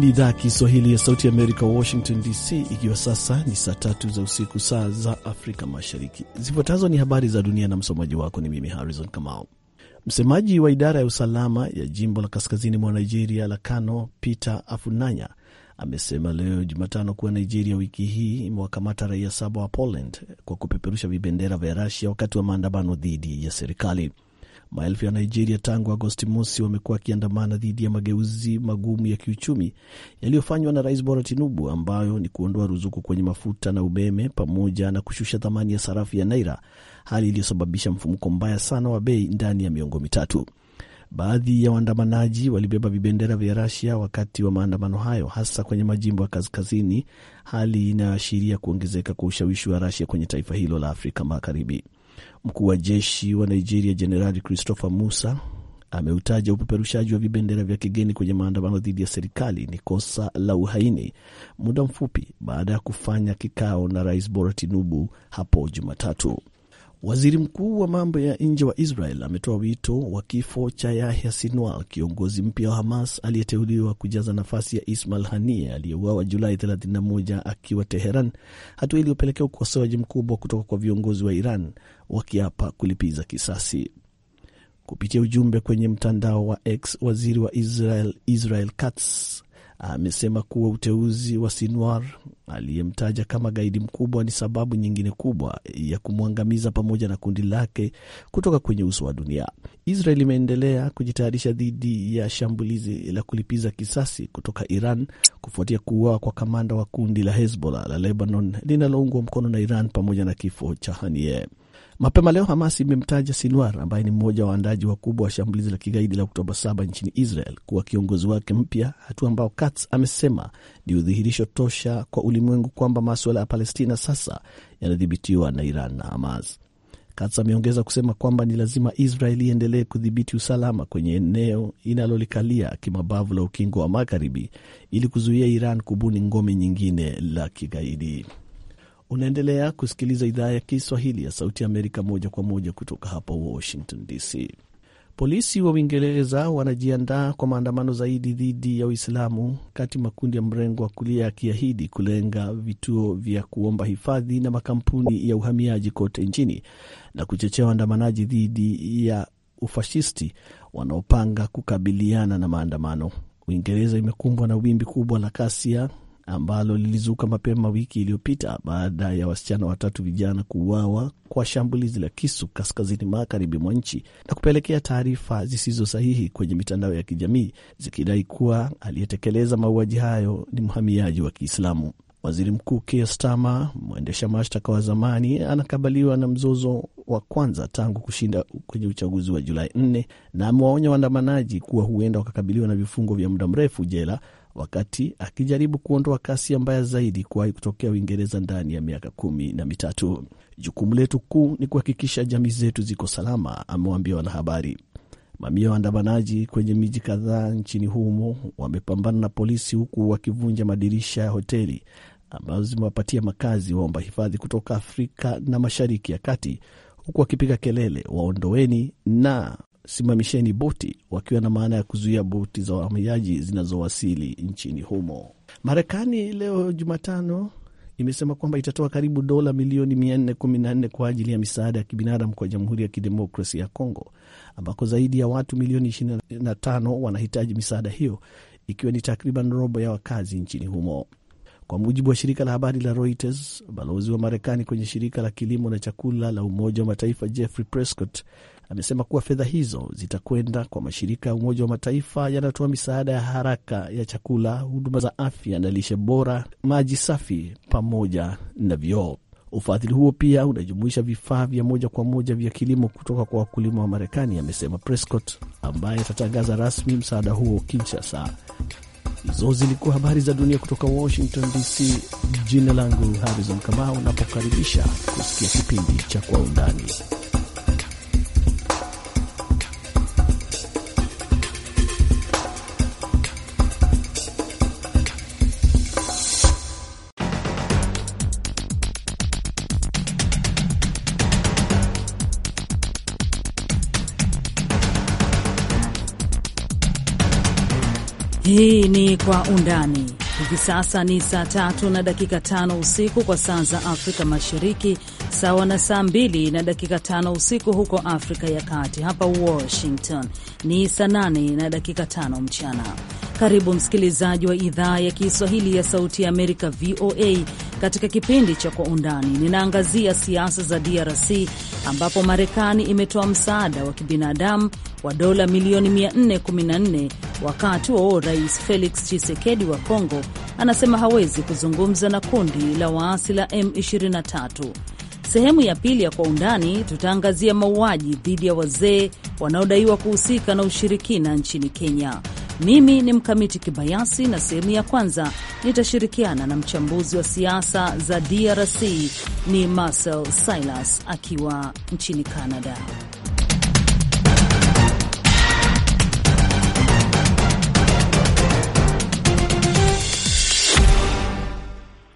ni idhaa ya Kiswahili ya Sauti Amerika, Washington DC, ikiwa sasa ni saa tatu za usiku, saa za Afrika Mashariki. Zifuatazo ni habari za dunia, na msomaji wako ni mimi Harrison Kamau. Msemaji wa idara ya usalama ya jimbo la kaskazini mwa Nigeria la Kano, Peter Afunanya, amesema leo Jumatano kuwa Nigeria wiki hii imewakamata raia saba wa Poland kwa kupeperusha vibendera vya Rasia wakati wa maandamano dhidi ya serikali. Maelfu ya Nigeria tangu Agosti mosi wamekuwa wakiandamana dhidi ya mageuzi magumu ya kiuchumi yaliyofanywa na Rais Bola Tinubu, ambayo ni kuondoa ruzuku kwenye mafuta na umeme pamoja na kushusha thamani ya sarafu ya naira, hali iliyosababisha mfumuko mbaya sana wa bei ndani ya miongo mitatu. Baadhi ya waandamanaji walibeba vibendera vya Rasia wakati wa maandamano hayo, hasa kwenye majimbo ya kaskazini, hali inayoashiria kuongezeka kwa ushawishi wa Rasia kwenye taifa hilo la Afrika Magharibi. Mkuu wa jeshi wa Nigeria Jenerali Christopher Musa ameutaja upeperushaji wa vibendera vya kigeni kwenye maandamano dhidi ya serikali ni kosa la uhaini, muda mfupi baada ya kufanya kikao na Rais Bola Tinubu hapo Jumatatu. Waziri mkuu wa mambo ya nje wa Israel ametoa wito wa kifo cha Yahya Sinwar, kiongozi mpya wa Hamas aliyeteuliwa kujaza nafasi ya Ismail hanie aliyeuawa Julai 31 akiwa Teheran, hatua iliyopelekea ukosoaji mkubwa kutoka kwa viongozi wa Iran wakiapa kulipiza kisasi. Kupitia ujumbe kwenye mtandao wa X, waziri wa Israel Israel Katz amesema kuwa uteuzi wa Sinwar aliyemtaja kama gaidi mkubwa ni sababu nyingine kubwa ya kumwangamiza pamoja na kundi lake kutoka kwenye uso wa dunia. Israel imeendelea kujitayarisha dhidi ya shambulizi la kulipiza kisasi kutoka Iran kufuatia kuuawa kwa kamanda wa kundi la Hezbollah la Lebanon linaloungwa mkono na Iran pamoja na kifo cha Haniyeh. Mapema leo Hamas imemtaja Sinwar ambaye ni mmoja wa waandaji wakubwa wa shambulizi la kigaidi la Oktoba 7 nchini Israel kuwa kiongozi wake mpya, hatua ambao Katz amesema ni udhihirisho tosha kwa ulimwengu kwamba maswala ya Palestina sasa yanadhibitiwa na Iran na Hamas. Katz ameongeza kusema kwamba ni lazima Israel iendelee kudhibiti usalama kwenye eneo inalolikalia kimabavu la Ukingo wa Magharibi ili kuzuia Iran kubuni ngome nyingine la kigaidi. Unaendelea kusikiliza idhaa ya Kiswahili ya Sauti Amerika moja kwa moja kutoka hapa Washington DC. Polisi wa Uingereza wanajiandaa kwa maandamano zaidi dhidi ya Uislamu, kati makundi ya mrengo wa kulia yakiahidi kulenga vituo vya kuomba hifadhi na makampuni ya uhamiaji kote nchini na kuchochea waandamanaji dhidi ya ufashisti wanaopanga kukabiliana na maandamano. Uingereza imekumbwa na wimbi kubwa la kasia ambalo lilizuka mapema wiki iliyopita baada ya wasichana watatu vijana kuuawa kwa shambulizi la kisu kaskazini magharibi mwa nchi na kupelekea taarifa zisizo sahihi kwenye mitandao ya kijamii zikidai kuwa aliyetekeleza mauaji hayo ni mhamiaji wa Kiislamu. Waziri Mkuu Keir Starmer, mwendesha mashtaka wa zamani, anakabiliwa na mzozo wa kwanza tangu kushinda kwenye uchaguzi wa Julai 4 na amewaonya waandamanaji kuwa huenda wakakabiliwa na vifungo vya muda mrefu jela wakati akijaribu kuondoa kasi mbaya zaidi kuwahi kutokea Uingereza ndani ya miaka kumi na mitatu. Jukumu letu kuu ni kuhakikisha jamii zetu ziko salama, amewaambia wanahabari. Mamia ya waandamanaji kwenye miji kadhaa nchini humo wamepambana na polisi huku wakivunja madirisha ya hoteli ambazo zimewapatia makazi waomba hifadhi kutoka Afrika na Mashariki ya Kati, huku wakipiga kelele, waondoweni na simamisheni boti, wakiwa na maana ya kuzuia boti za wahamiaji zinazowasili nchini humo. Marekani leo Jumatano imesema kwamba itatoa karibu dola milioni 414 kwa ajili ya misaada ya kibinadamu kwa Jamhuri ya Kidemokrasi ya Kongo, ambako zaidi ya watu milioni 25 wanahitaji misaada hiyo, ikiwa ni takriban robo ya wakazi nchini humo. Kwa mujibu wa shirika la habari la Reuters, balozi wa Marekani kwenye shirika la kilimo na chakula la Umoja wa Mataifa Jeffrey Prescott amesema kuwa fedha hizo zitakwenda kwa mashirika ya Umoja wa Mataifa yanayotoa misaada ya haraka ya chakula, huduma za afya na lishe bora, maji safi pamoja na vyoo. Ufadhili huo pia unajumuisha vifaa vya moja kwa moja vya kilimo kutoka kwa wakulima wa Marekani, amesema Prescott ambaye atatangaza rasmi msaada huo Kinshasa. Hizo zilikuwa habari za dunia kutoka Washington DC. Jina langu Harrison Kamau, napokaribisha kusikia kipindi cha Kwa Undani. Hii ni Kwa Undani. Hivi sasa ni saa tatu na dakika tano usiku kwa saa za Afrika Mashariki, sawa na saa mbili na dakika tano usiku huko Afrika ya Kati. Hapa Washington ni saa nane na dakika tano mchana. Karibu msikilizaji wa idhaa ya Kiswahili ya Sauti ya Amerika, VOA, katika kipindi cha Kwa Undani. Ninaangazia siasa za DRC ambapo Marekani imetoa msaada wa kibinadamu wa dola milioni 414. Wakati wao Rais Felix Tshisekedi wa Kongo anasema hawezi kuzungumza na kundi la waasi la M23. Sehemu ya pili ya Kwa Undani tutaangazia mauaji dhidi ya wazee wanaodaiwa kuhusika na ushirikina nchini Kenya. Mimi ni Mkamiti Kibayasi, na sehemu ya kwanza nitashirikiana na mchambuzi wa siasa za DRC ni Marcel Silas akiwa nchini Canada.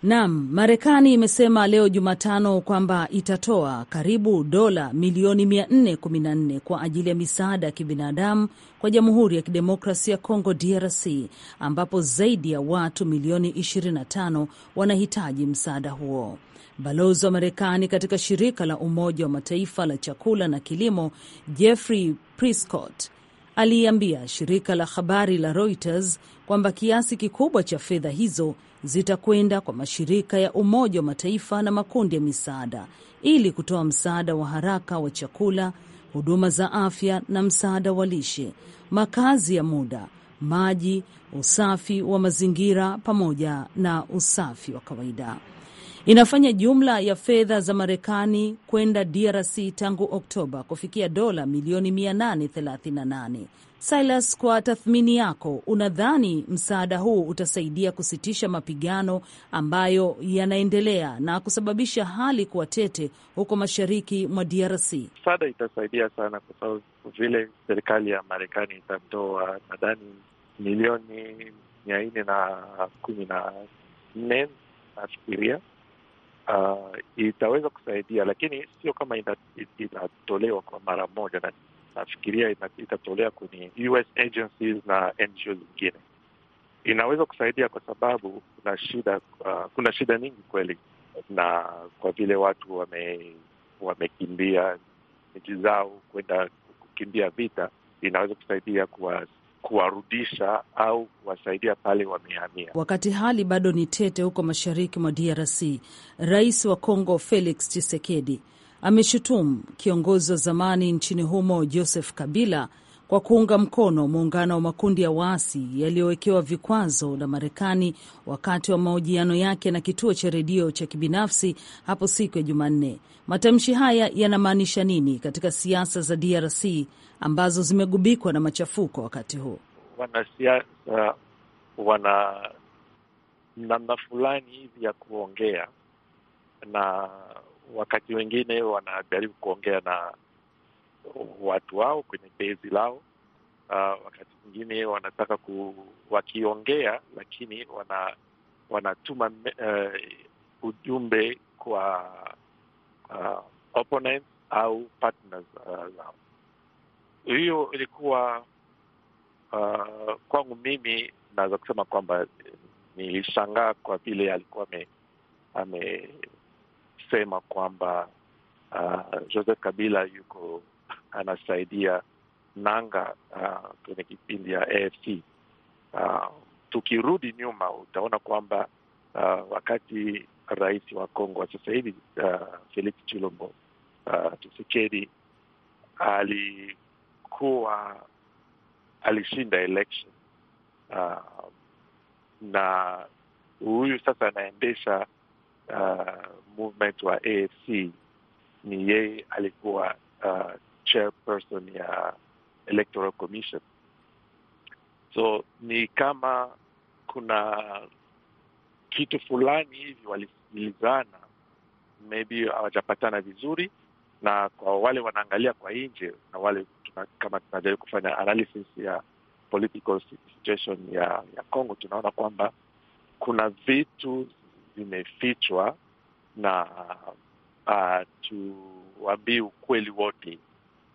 Naam, Marekani imesema leo Jumatano kwamba itatoa karibu dola milioni 414 kwa ajili ya misaada ya kibinadamu kwa Jamhuri ya Kidemokrasia ya Kongo DRC ambapo zaidi ya watu milioni 25 wanahitaji msaada huo. Balozi wa Marekani katika shirika la Umoja wa Mataifa la chakula na kilimo Jeffrey Priscott, aliambia shirika la habari la Reuters kwamba kiasi kikubwa cha fedha hizo zitakwenda kwa mashirika ya Umoja wa Mataifa na makundi ya misaada ili kutoa msaada wa haraka wa chakula, huduma za afya na msaada wa lishe, makazi ya muda, maji, usafi wa mazingira pamoja na usafi wa kawaida inafanya jumla ya fedha za Marekani kwenda DRC tangu Oktoba kufikia dola milioni 838. Silas, kwa tathmini yako, unadhani msaada huu utasaidia kusitisha mapigano ambayo yanaendelea na kusababisha hali kuwa tete huko mashariki mwa DRC? Msaada itasaidia sana, kwa sababu vile serikali ya Marekani itatoa nadhani milioni mia nne na kumi na nne nafikiria uh, itaweza kusaidia, lakini sio kama inatolewa kwa mara moja, na nafikiria ina, itatolewa kwenye US agencies na NGO zingine. Inaweza kusaidia kwa sababu kuna shida uh, kuna shida nyingi kweli, na kwa vile watu wame wamekimbia nchi zao kwenda kukimbia vita, inaweza kusaidia kuwa kuwarudisha au kuwasaidia pale wamehamia. Wakati hali bado ni tete huko mashariki mwa DRC, rais wa Kongo Felix Tshisekedi ameshutumu kiongozi wa zamani nchini humo Joseph Kabila kwa kuunga mkono muungano wa makundi ya waasi yaliyowekewa vikwazo na Marekani wakati wa mahojiano yake na kituo cha redio cha kibinafsi hapo siku ya Jumanne. Matamshi haya yanamaanisha nini katika siasa za DRC ambazo zimegubikwa na machafuko wakati huu? Wanasiasa wana namna fulani hivi ya kuongea na wakati wengine wanajaribu kuongea na watu wao kwenye bezi lao, uh, wakati mwingine wanataka ku, wakiongea lakini wana, wanatuma uh, ujumbe kwa uh, opponents au partners ah, zao. Uh, hiyo ilikuwa uh, kwangu mimi naweza kusema kwamba nilishangaa kwa vile alikuwa amesema kwamba uh, Joseph Kabila yuko anasaidia nanga uh, kwenye kipindi ya AFC. Uh, ah, tukirudi nyuma utaona kwamba uh, wakati rais wa Kongo wa sasa hivi uh, Felix Chilombo uh, Tshisekedi alikuwa alishinda election uh, na huyu sasa anaendesha uh, movement wa AFC ni yeye alikuwa uh, chairperson ya Electoral Commission. So ni kama kuna kitu fulani hivi walisikilizana, maybe hawajapatana vizuri, na kwa wale wanaangalia kwa nje na wale tuna, kama tunajaribu kufanya analysis ya political situation ya ya Congo, tunaona kwamba kuna vitu vimefichwa na uh, uh, ukweli wote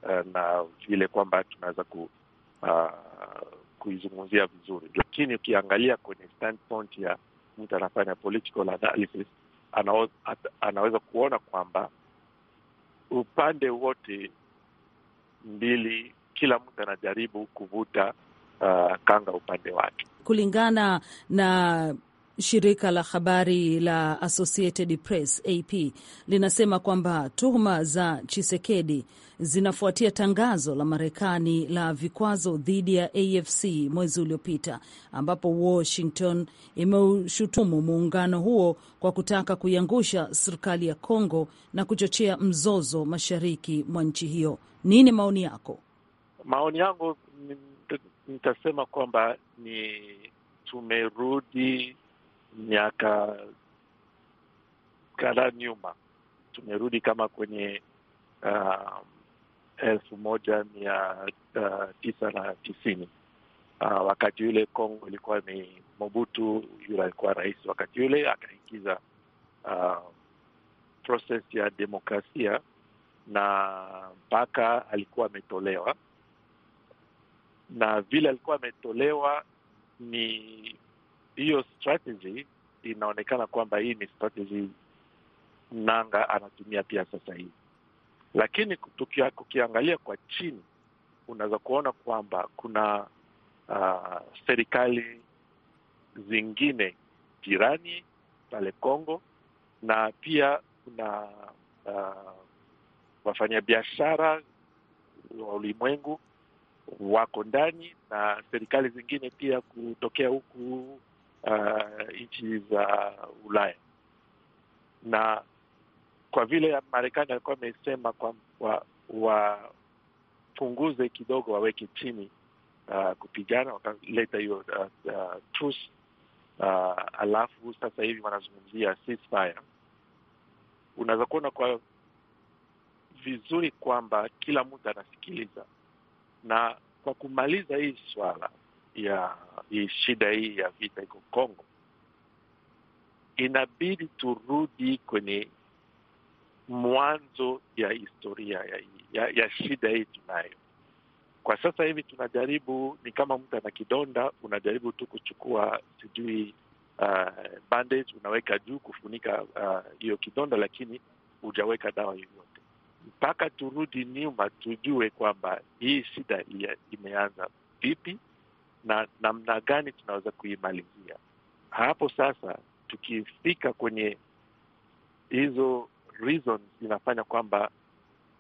Eh, na vile kwamba tunaweza ku, uh, kuizungumzia vizuri, lakini ukiangalia kwenye standpoint ya mtu anafanya political analysis anaweza, kuona kwamba upande wote mbili, kila mtu anajaribu kuvuta uh, kanga upande wake kulingana na shirika la habari la Associated Press AP linasema kwamba tuhuma za Chisekedi zinafuatia tangazo la Marekani la vikwazo dhidi ya AFC mwezi uliopita, ambapo Washington imeushutumu muungano huo kwa kutaka kuiangusha serikali ya Kongo na kuchochea mzozo mashariki mwa nchi hiyo. Nini maoni yako? Maoni yangu nitasema kwamba ni tumerudi miaka kadhaa nyuma, tumerudi kama kwenye uh, elfu moja mia uh, tisa na tisini. Uh, wakati yule Kongo ilikuwa ni Mobutu, yule alikuwa rais wakati yule, akaingiza uh, proses ya demokrasia na mpaka alikuwa ametolewa, na vile alikuwa ametolewa ni hiyo strategy inaonekana kwamba hii ni strategy Nanga anatumia pia sasa hivi lakini kukiangalia kwa chini, unaweza kuona kwamba kuna uh, serikali zingine jirani pale Kongo na pia kuna uh, wafanyabiashara wa ulimwengu wako ndani na serikali zingine pia kutokea huku uh, nchi za Ulaya na kwa vile Marekani alikuwa amesema kwamba wapunguze wa kidogo, waweke chini uh, kupigana, wakaleta hiyo uh, uh, truce uh, alafu sasa hivi wanazungumzia ceasefire. Unaweza kuona kwa vizuri kwamba kila mtu anasikiliza, na kwa kumaliza hii swala ya hii shida hii ya vita iko Kongo, inabidi turudi kwenye mwanzo ya historia ya, ya, ya shida hii tunayo kwa sasa hivi. Tunajaribu, ni kama mtu ana kidonda, unajaribu tu kuchukua sijui uh, bandage unaweka juu kufunika uh, hiyo uh, kidonda, lakini hujaweka dawa yoyote mpaka turudi nyuma tujue kwamba hii shida imeanza vipi na namna gani tunaweza kuimalizia. Hapo sasa tukifika kwenye hizo reasons kwamba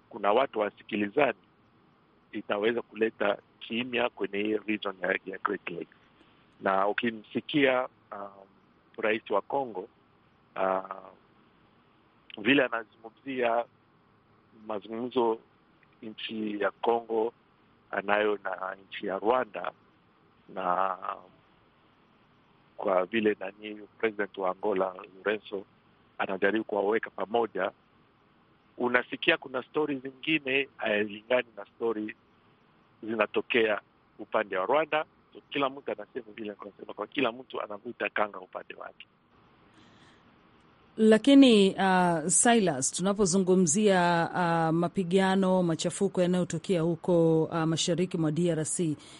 kuna watu wasikilizaji, itaweza kuleta kimya kwenye hii region ya, ya Great Lakes. Na ukimsikia um, rais wa Congo uh, vile anazungumzia mazungumzo nchi ya Congo anayo na nchi ya Rwanda na um, kwa vile nani president wa Angola Lorenzo anajaribu kuwaweka pamoja. Unasikia kuna stori zingine hayalingani eh, na stori zinatokea upande wa Rwanda. So, kila mtu anasema vile anasema, kwa kila mtu anavuta kanga upande wake. Lakini uh, Silas, tunapozungumzia uh, mapigano, machafuko yanayotokea huko uh, mashariki mwa DRC,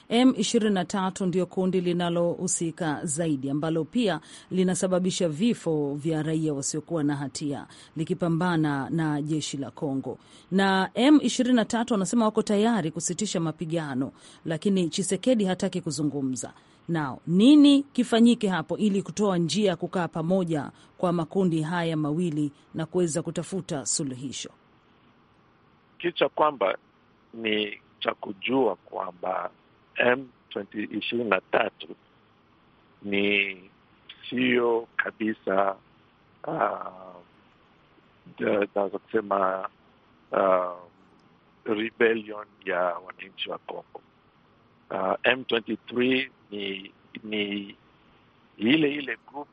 M23 ndio kundi linalohusika zaidi, ambalo pia linasababisha vifo vya raia wasiokuwa na hatia likipambana na jeshi la congo Na M23 wanasema wako tayari kusitisha mapigano, lakini Chisekedi hataki kuzungumza na nini kifanyike hapo ili kutoa njia ya kukaa pamoja kwa makundi haya mawili na kuweza kutafuta suluhisho? Kitu cha kwamba ni cha kujua kwamba M ishirini na tatu ni sio kabisa uh, uh, naweza uh, kusema uh, rebellion ya wananchi wa Kongo uh, M23 ni, ni ile ile group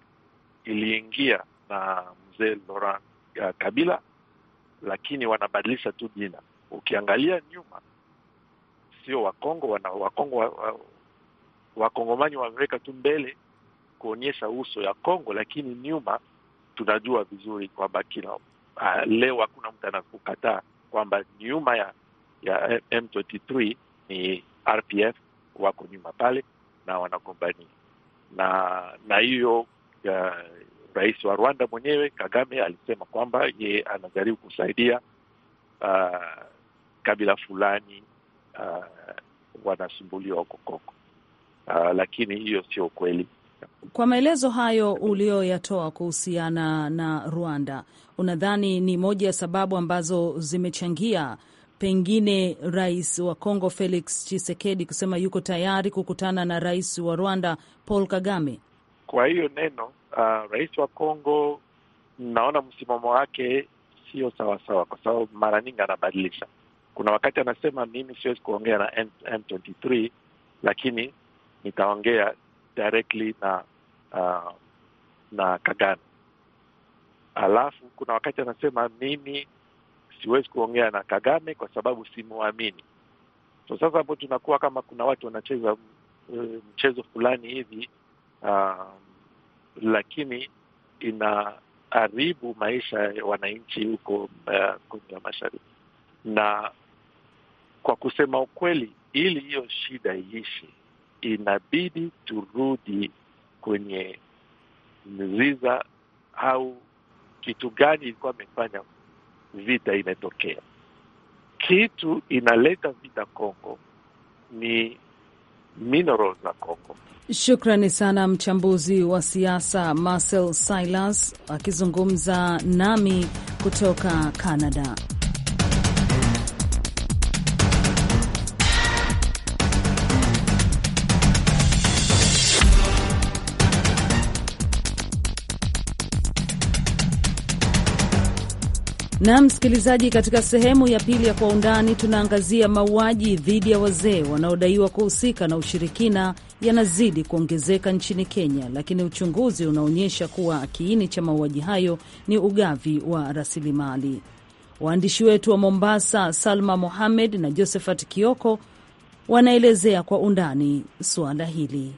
iliingia na mzee Laurent uh, Kabila, lakini wanabadilisha tu jina. Ukiangalia nyuma, sio Wakongo wana, Wakongo wa, uh, Wakongomani wameweka tu mbele kuonyesha uso ya Kongo, lakini nyuma tunajua vizuri kwamba kila uh, leo hakuna mtu anakukataa kwamba nyuma ya ya M23 ni RPF wako nyuma pale na wanagombania na na hiyo uh, rais wa Rwanda mwenyewe Kagame alisema kwamba ye anajaribu kusaidia uh, kabila fulani uh, wanasumbuliwa kokoko uh, lakini hiyo sio kweli. Kwa maelezo hayo uliyoyatoa kuhusiana na Rwanda, unadhani ni moja ya sababu ambazo zimechangia pengine rais wa Kongo Felix Tshisekedi kusema yuko tayari kukutana na rais wa Rwanda Paul Kagame. Kwa hiyo neno uh, rais wa Kongo, naona msimamo wake sio sawasawa, kwa sababu mara nyingi anabadilisha. Kuna wakati anasema mimi siwezi kuongea na M M23, lakini nitaongea directly na uh, na Kagame. Alafu kuna wakati anasema mimi siwezi kuongea na Kagame kwa sababu simwamini. So sasa hapo tunakuwa kama kuna watu wanacheza eh, mchezo fulani hivi uh, lakini inaharibu maisha ya wananchi huko uh, Kongo Mashariki. Na kwa kusema ukweli, ili hiyo shida iishi, inabidi turudi kwenye mziza au kitu gani ilikuwa amefanya vita imetokea. Kitu inaleta vita Kongo ni minerals za Kongo. Shukrani sana mchambuzi wa siasa Marcel Silas akizungumza nami kutoka Canada. Na msikilizaji, katika sehemu ya pili ya Kwa Undani tunaangazia mauaji dhidi ya wazee wanaodaiwa kuhusika na ushirikina yanazidi kuongezeka nchini Kenya, lakini uchunguzi unaonyesha kuwa kiini cha mauaji hayo ni ugavi wa rasilimali. Waandishi wetu wa Mombasa, Salma Mohamed na Josephat Kioko, wanaelezea kwa undani suala hili.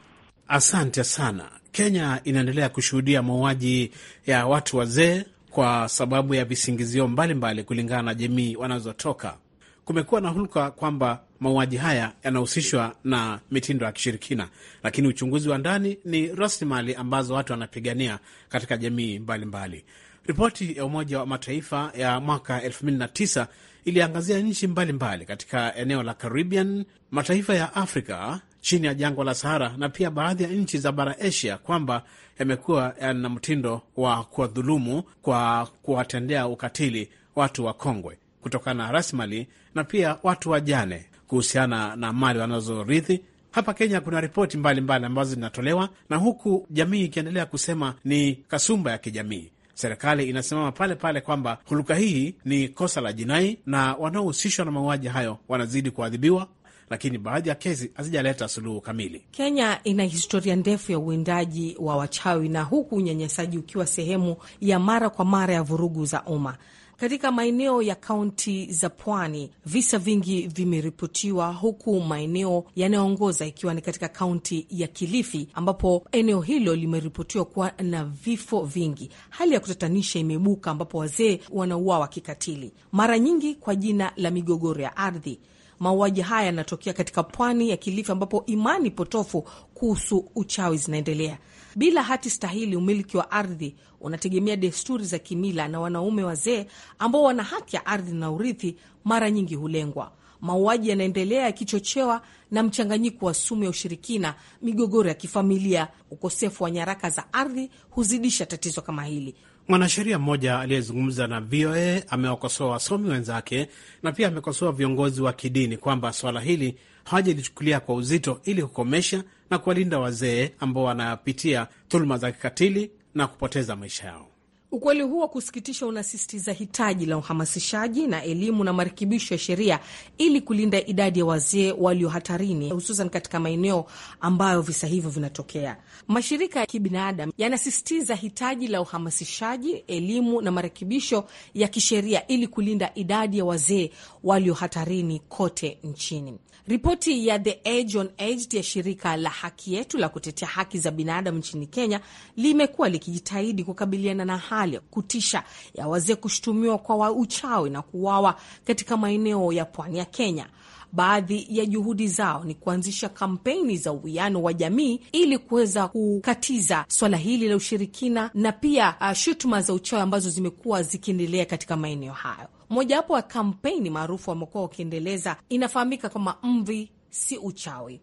Asante sana. Kenya inaendelea kushuhudia mauaji ya watu wazee kwa sababu ya visingizio mbalimbali kulingana na jamii wanazotoka. Kumekuwa na hulka kwamba mauaji haya yanahusishwa na mitindo ya kishirikina, lakini uchunguzi wa ndani ni rasilimali ambazo watu wanapigania katika jamii mbalimbali. Ripoti ya Umoja wa Mataifa ya mwaka 2009 iliangazia nchi mbalimbali katika eneo la Caribbean, mataifa ya Afrika chini ya jangwa la Sahara na pia baadhi ya nchi za bara Asia kwamba yamekuwa yana mtindo wa kuwadhulumu kwa kuwatendea ukatili watu wakongwe kutokana na rasmali na pia watu wajane kuhusiana na mali wanazorithi. Hapa Kenya kuna ripoti mbalimbali ambazo zinatolewa na huku jamii ikiendelea kusema ni kasumba ya kijamii. Serikali inasimama pale pale kwamba huluka hii ni kosa la jinai na wanaohusishwa na mauaji hayo wanazidi kuadhibiwa lakini baadhi ya kesi hazijaleta suluhu kamili. Kenya ina historia ndefu ya uwindaji wa wachawi na huku unyanyasaji ukiwa sehemu ya mara kwa mara ya vurugu za umma. Katika maeneo ya kaunti za pwani visa vingi vimeripotiwa, huku maeneo yanayoongoza ikiwa ni katika kaunti ya Kilifi, ambapo eneo hilo limeripotiwa kuwa na vifo vingi. Hali ya kutatanisha imeibuka, ambapo wazee wanauawa kikatili, mara nyingi kwa jina la migogoro ya ardhi. Mauaji haya yanatokea katika pwani ya Kilifi ambapo imani potofu kuhusu uchawi zinaendelea. Bila hati stahili, umiliki wa ardhi unategemea desturi za kimila na wanaume wazee ambao wana haki ya ardhi na urithi mara nyingi hulengwa. Mauaji yanaendelea yakichochewa na mchanganyiko wa sumu ya ushirikina, migogoro ya kifamilia. Ukosefu wa nyaraka za ardhi huzidisha tatizo kama hili. Mwanasheria mmoja aliyezungumza na VOA amewakosoa wasomi wenzake na pia amekosoa viongozi wa kidini kwamba swala hili hawajalichukulia kwa uzito ili kukomesha na kuwalinda wazee ambao wanapitia dhuluma za kikatili na kupoteza maisha yao. Ukweli huu wa kusikitisha unasisitiza hitaji la uhamasishaji na elimu na marekebisho ya sheria ili kulinda idadi ya wazee walio hatarini, hususan katika maeneo ambayo visa hivyo vinatokea. Mashirika ya kibinadamu yanasisitiza hitaji la uhamasishaji, elimu na marekebisho ya kisheria ili kulinda idadi ya wazee walio hatarini kote nchini. Ripoti ya The Age on Age ya shirika la Haki Yetu la kutetea haki za binadamu nchini Kenya limekuwa likijitahidi kukabiliana na hali ya kutisha ya wazee kushutumiwa kwa uchawi na kuuawa katika maeneo ya pwani ya Kenya. Baadhi ya juhudi zao ni kuanzisha kampeni za uwiano wa jamii ili kuweza kukatiza swala hili la ushirikina na pia uh, shutuma za uchawi ambazo zimekuwa zikiendelea katika maeneo hayo. Mojawapo ya kampeni maarufu wamekuwa wakiendeleza inafahamika kama Mvi si Uchawi.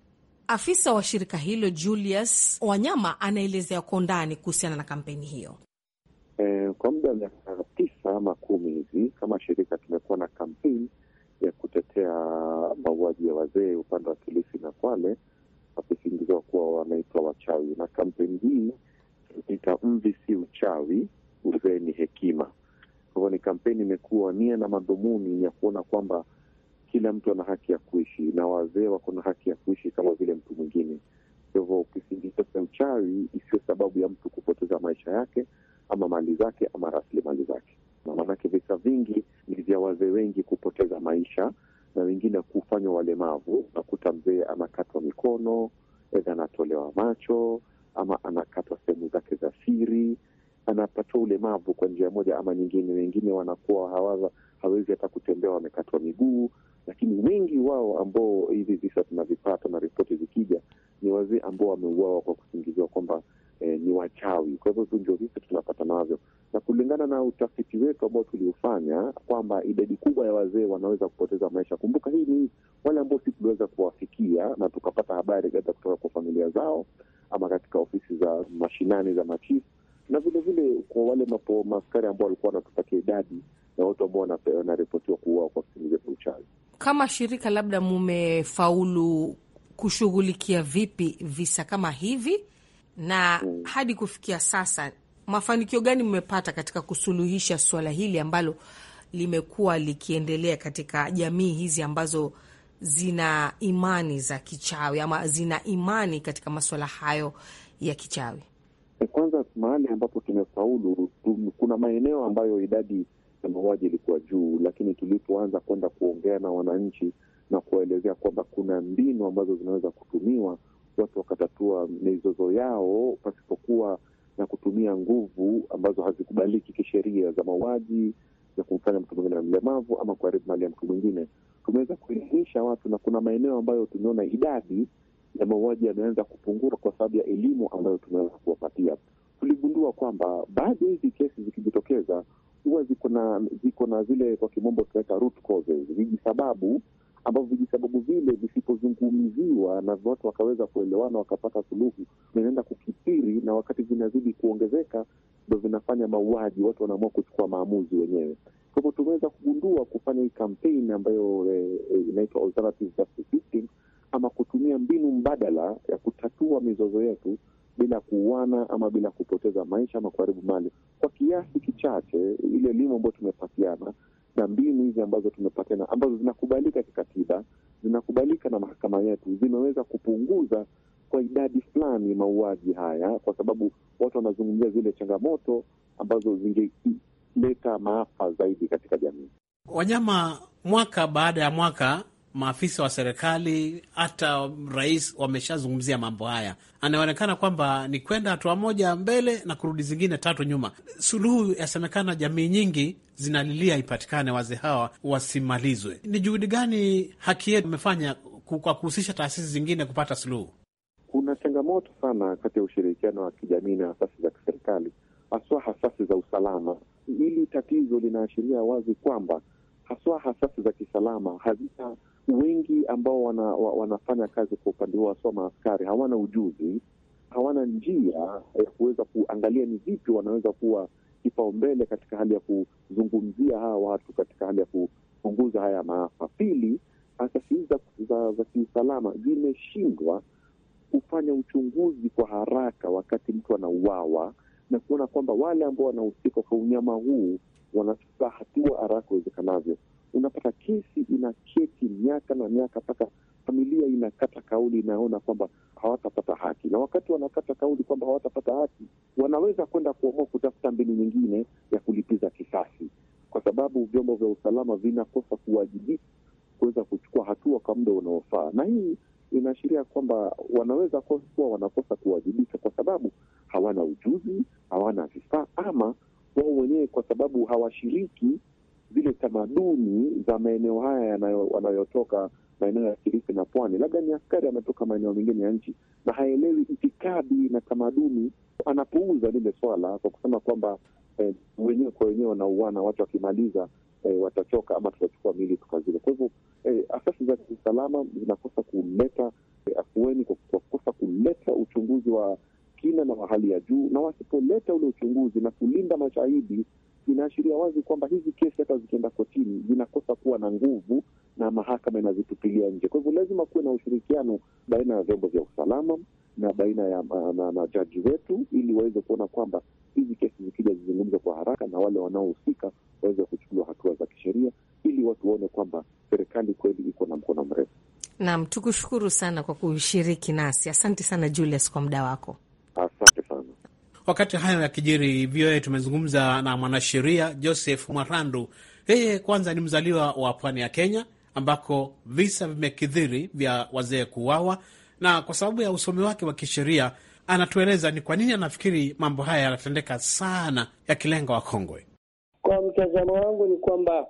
Afisa wa shirika hilo Julius Wanyama anaelezea kwa undani kuhusiana na kampeni hiyo. E, kwa muda wa miaka tisa ama kumi hivi kama shirika tumekuwa na kampeni ya kutetea mauaji ya wazee upande wa Kilifi na Kwale, wakisingiziwa kuwa wanaitwa wachawi. Na kampeni hii ita mvi si uchawi, uzee ni hekima. Kwa hivyo ni kampeni imekuwa nia na madhumuni ya kuona kwamba kila mtu ana haki ya kuishi na wazee wako na haki ya kuishi kama vile mtu mwingine. Kwa hivyo cha uchawi isiyo sababu ya mtu kupoteza maisha yake ama mali zake ama rasilimali zake, na maanake visa vingi ni vya wazee wengi kupoteza maisha na wengine kufanywa walemavu. Unakuta mzee anakatwa mikono, edha anatolewa macho, ama anakatwa sehemu zake za siri, anapatiwa ulemavu kwa njia moja ama nyingine. Wengine wanakuwa hawaza, hawezi hata kutembea, wamekatwa miguu. Lakini wengi wao ambao hivi visa tunavipata na ripoti zikija, ni wazee ambao wameuawa kwa kusingiziwa kwamba eh, ni wachawi. Kwa hivyo ndio visa tunapata navyo, na kulingana na utafiti wetu ambao tuliofanya kwamba idadi kubwa ya wazee wanaweza kupoteza maisha. Kumbuka hii ni wale ambao si tuliweza kuwafikia na tukapata habari aa kutoka kwa familia zao ama katika ofisi za mashinani za machifu na vilevile kwa wale mapo ambao walikuwa wanatupatia idadi na watu ambao wanaripotiwa kuuawa kwa vitendo vya uchawi. Kama shirika, labda mumefaulu kushughulikia vipi visa kama hivi, na mm. hadi kufikia sasa mafanikio gani mmepata katika kusuluhisha suala hili ambalo limekuwa likiendelea katika jamii hizi ambazo zina imani za kichawi ama zina imani katika masuala hayo ya kichawi? Kwanza, mahali ambapo tumefaulu, kuna maeneo ambayo idadi ya mauaji ilikuwa juu, lakini tulipoanza kwenda kuongea na wananchi na kuwaelezea kwamba kuna mbinu ambazo zinaweza kutumiwa watu wakatatua mizozo yao pasipokuwa na kutumia nguvu ambazo hazikubaliki kisheria za mauaji, ya kumfanya mtu mwingine mlemavu ama kuharibu mali ya mtu mwingine. Tumeweza kuelimisha watu na kuna maeneo ambayo tumeona idadi ya mauaji yameanza kupungua kwa sababu ya elimu ambayo tumeweza kuwapatia. Tuligundua kwamba baadhi ya hizi kesi zikijitokeza huwa ziko na ziko na zile kwa kimombo tunaita root causes, vijisababu sababu ambavyo vijisababu vile visipozungumziwa na watu wakaweza kuelewana wakapata suluhu, vinaenda kukithiri, na wakati vinazidi kuongezeka ndo vinafanya mauaji, watu wanaamua kuchukua maamuzi wenyewe. Kwa hivyo tumeweza kugundua kufanya hii kampeni ambayo e, e, inaitwa Alternative Justice System, ama kutumia mbinu mbadala ya kutatua mizozo yetu bila kuuana ama bila kupoteza maisha ama kuharibu mali, kwa kiasi kichache ile elimu ambayo tumepatiana na mbinu hizi ambazo tumepatana ambazo zinakubalika kikatiba, zinakubalika na mahakama yetu, zimeweza kupunguza kwa idadi fulani mauaji haya, kwa sababu watu wanazungumzia zile changamoto ambazo zingeleta maafa zaidi katika jamii. Wanyama mwaka baada ya mwaka maafisa wa serikali, hata rais wameshazungumzia mambo haya. Anaonekana kwamba ni kwenda hatua moja mbele na kurudi zingine tatu nyuma. Suluhu yasemekana jamii nyingi zinalilia ipatikane, wazee hawa wasimalizwe. Ni juhudi gani haki yetu imefanya kwa kuhusisha taasisi zingine kupata suluhu? Kuna changamoto sana kati ya ushirikiano wa kijamii na asasi za kiserikali, haswa hasasi za usalama. Hili tatizo linaashiria wazi kwamba haswa hasasi za kisalama hazita wengi ambao wana, wa, wanafanya kazi kwa upande huo wasio maaskari hawana ujuzi, hawana njia ya kuweza kuangalia ni vipi wanaweza kuwa kipaumbele katika hali ya kuzungumzia hawa watu katika hali ya kupunguza haya maafa. Pili, asasi hizi za kiusalama zimeshindwa kufanya uchunguzi kwa haraka wakati mtu anauawa na kuona kwamba wale ambao wanahusika kwa unyama huu wanachukua hatua haraka iwezekanavyo unapata kesi inaketi miaka na miaka mpaka familia inakata kauli, inaona kwamba hawatapata haki, na wakati wanakata kauli kwamba hawatapata haki, wanaweza kwenda kuamua kutafuta mbinu nyingine ya kulipiza kisasi, kwa sababu vyombo vya usalama vinakosa kuwajibika kuweza kuchukua hatua kwa muda unaofaa, na hii inaashiria kwamba wanaweza kuwa wanakosa kuwajibika kwa sababu hawana ujuzi, hawana vifaa, ama wao wenyewe kwa sababu hawashiriki zile tamaduni za maeneo haya wanayotoka maeneo ya Kilifi na Pwani, labda ni askari ametoka maeneo mengine ya nchi na haelewi itikadi na tamaduni, anapouza lile swala kwa kusema kwamba eh, wenyewe kwa wenyewe wanauana, watu wakimaliza eh, watachoka ama tutachukua mili tukazile. Kwa hivyo eh, asasi za kiusalama zinakosa kuleta eh, afueni kwa kukosa kuleta uchunguzi wa kina na wa hali ya juu, na wasipoleta ule uchunguzi na kulinda mashahidi inaashiria wazi kwamba hizi kesi hata zikienda kotini zinakosa kuwa na nguvu na mahakama inazitupilia nje. Kwa hivyo lazima kuwe na ushirikiano baina ya vyombo vya usalama na baina ya na, na, na jaji wetu ili waweze kuona kwamba hizi kesi zikija zizungumzwe kwa haraka na wale wanaohusika waweze kuchukuliwa hatua za kisheria ili watu waone kwamba serikali kweli iko na mkono mrefu. Naam, tukushukuru sana kwa kushiriki nasi. Asante sana Julius kwa muda wako. Asante. Wakati hayo ya kijiri VOA tumezungumza na mwanasheria Joseph Mwarandu. Yeye kwanza ni mzaliwa wa pwani ya Kenya ambako visa vimekithiri vya wazee kuuawa, na kwa sababu ya usomi wake wa kisheria anatueleza ni kwa nini anafikiri mambo haya yanatendeka sana yakilenga wakongwe. Kwa mtazamo wangu ni kwamba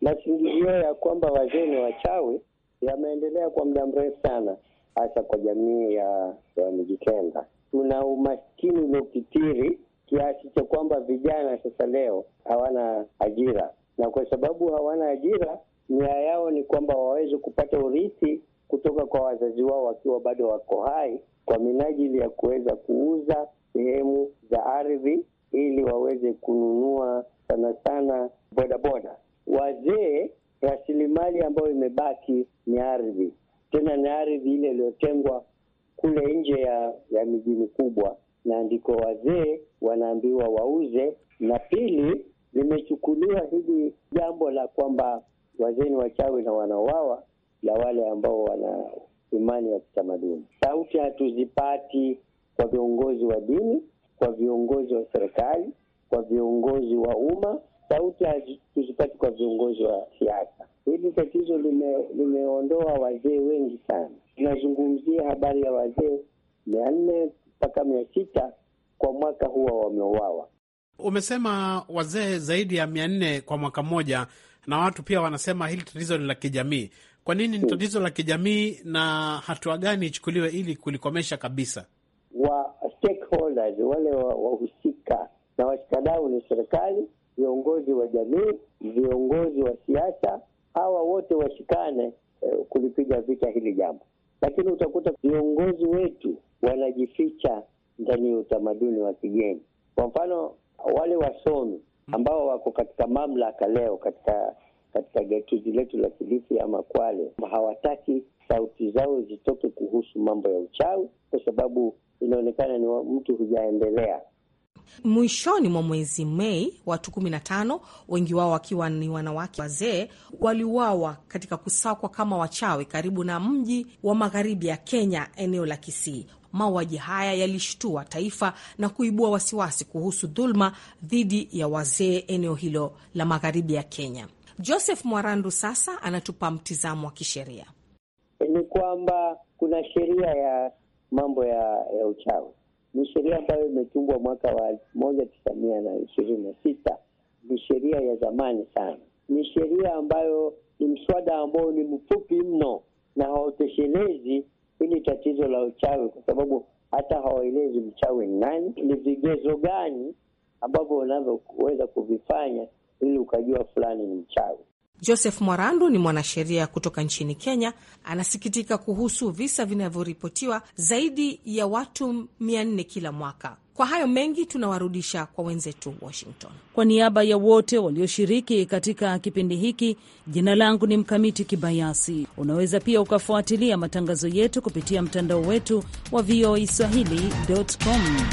masingizio ya kwamba wazee ni wachawi yameendelea kwa muda mrefu sana, hasa kwa jamii ya Mijikenda tuna umaskini uliokitiri kiasi cha kwamba vijana sasa leo hawana ajira, na kwa sababu hawana ajira, nia yao ni kwamba waweze kupata urithi kutoka kwa wazazi wao wakiwa bado wako hai, kwa minajili ya kuweza kuuza sehemu za ardhi ili waweze kununua sana sana bodaboda. Wazee, rasilimali ambayo imebaki ni ardhi, tena ni ardhi ile iliyotengwa kule nje ya, ya miji mikubwa, na ndiko wazee wanaambiwa wauze. Na pili, limechukuliwa hili jambo la kwamba wazee ni wachawi na wanaowawa la wale ambao wana imani ya kitamaduni. Sauti hatuzipati kwa viongozi wa dini, kwa viongozi wa serikali, kwa viongozi wa umma. Sauti hatuzipati kwa viongozi wa siasa. Hili tatizo lime, limeondoa wazee wengi sana tunazungumzia habari ya wazee mia nne mpaka mia sita kwa mwaka huwa wameuawa. Umesema wazee zaidi ya mia nne kwa mwaka mmoja, na watu pia wanasema hili tatizo ni la kijamii. Kwa nini ni hmm. tatizo la kijamii na hatua gani ichukuliwe ili kulikomesha kabisa? Wa stakeholders, wale wahusika wa na washikadau ni serikali, viongozi wa jamii, viongozi wa siasa, hawa wote washikane eh, kulipiga vita hili jambo lakini utakuta viongozi wetu wanajificha ndani ya utamaduni wa kigeni. Kwa mfano, wale wasomi ambao wako katika mamlaka leo katika katika gatuzi letu la Kilifi ama Kwale, hawataki sauti zao zitoke kuhusu mambo ya uchawi, kwa sababu inaonekana ni mtu hujaendelea. Mwishoni mwa mwezi Mei, watu 15 wengi wao wakiwa ni wanawake wazee, waliuawa katika kusakwa kama wachawi karibu na mji wa magharibi ya Kenya, eneo la Kisii. Mauaji haya yalishtua taifa na kuibua wasiwasi kuhusu dhuluma dhidi ya wazee eneo hilo la magharibi ya Kenya. Joseph Mwarandu sasa anatupa mtizamo wa kisheria. Ni kwamba kuna sheria ya mambo ya, ya uchawi ni sheria ambayo imetungwa mwaka wa elfu moja tisa mia na ishirini na sita. Ni sheria ya zamani sana, ni sheria ambayo ni mswada ambao ni mfupi mno na hawatoshelezi hili tatizo la uchawi, kwa sababu hata hawaelezi mchawi nnani nani, ni vigezo gani ambavyo unavyoweza kuvifanya ili ukajua fulani ni mchawi. Joseph Mwarandu ni mwanasheria kutoka nchini Kenya. Anasikitika kuhusu visa vinavyoripotiwa zaidi ya watu 400 kila mwaka. Kwa hayo mengi tunawarudisha kwa wenzetu Washington. Kwa niaba ya wote walioshiriki katika kipindi hiki, jina langu ni Mkamiti Kibayasi. Unaweza pia ukafuatilia matangazo yetu kupitia mtandao wetu wa voa swahilicom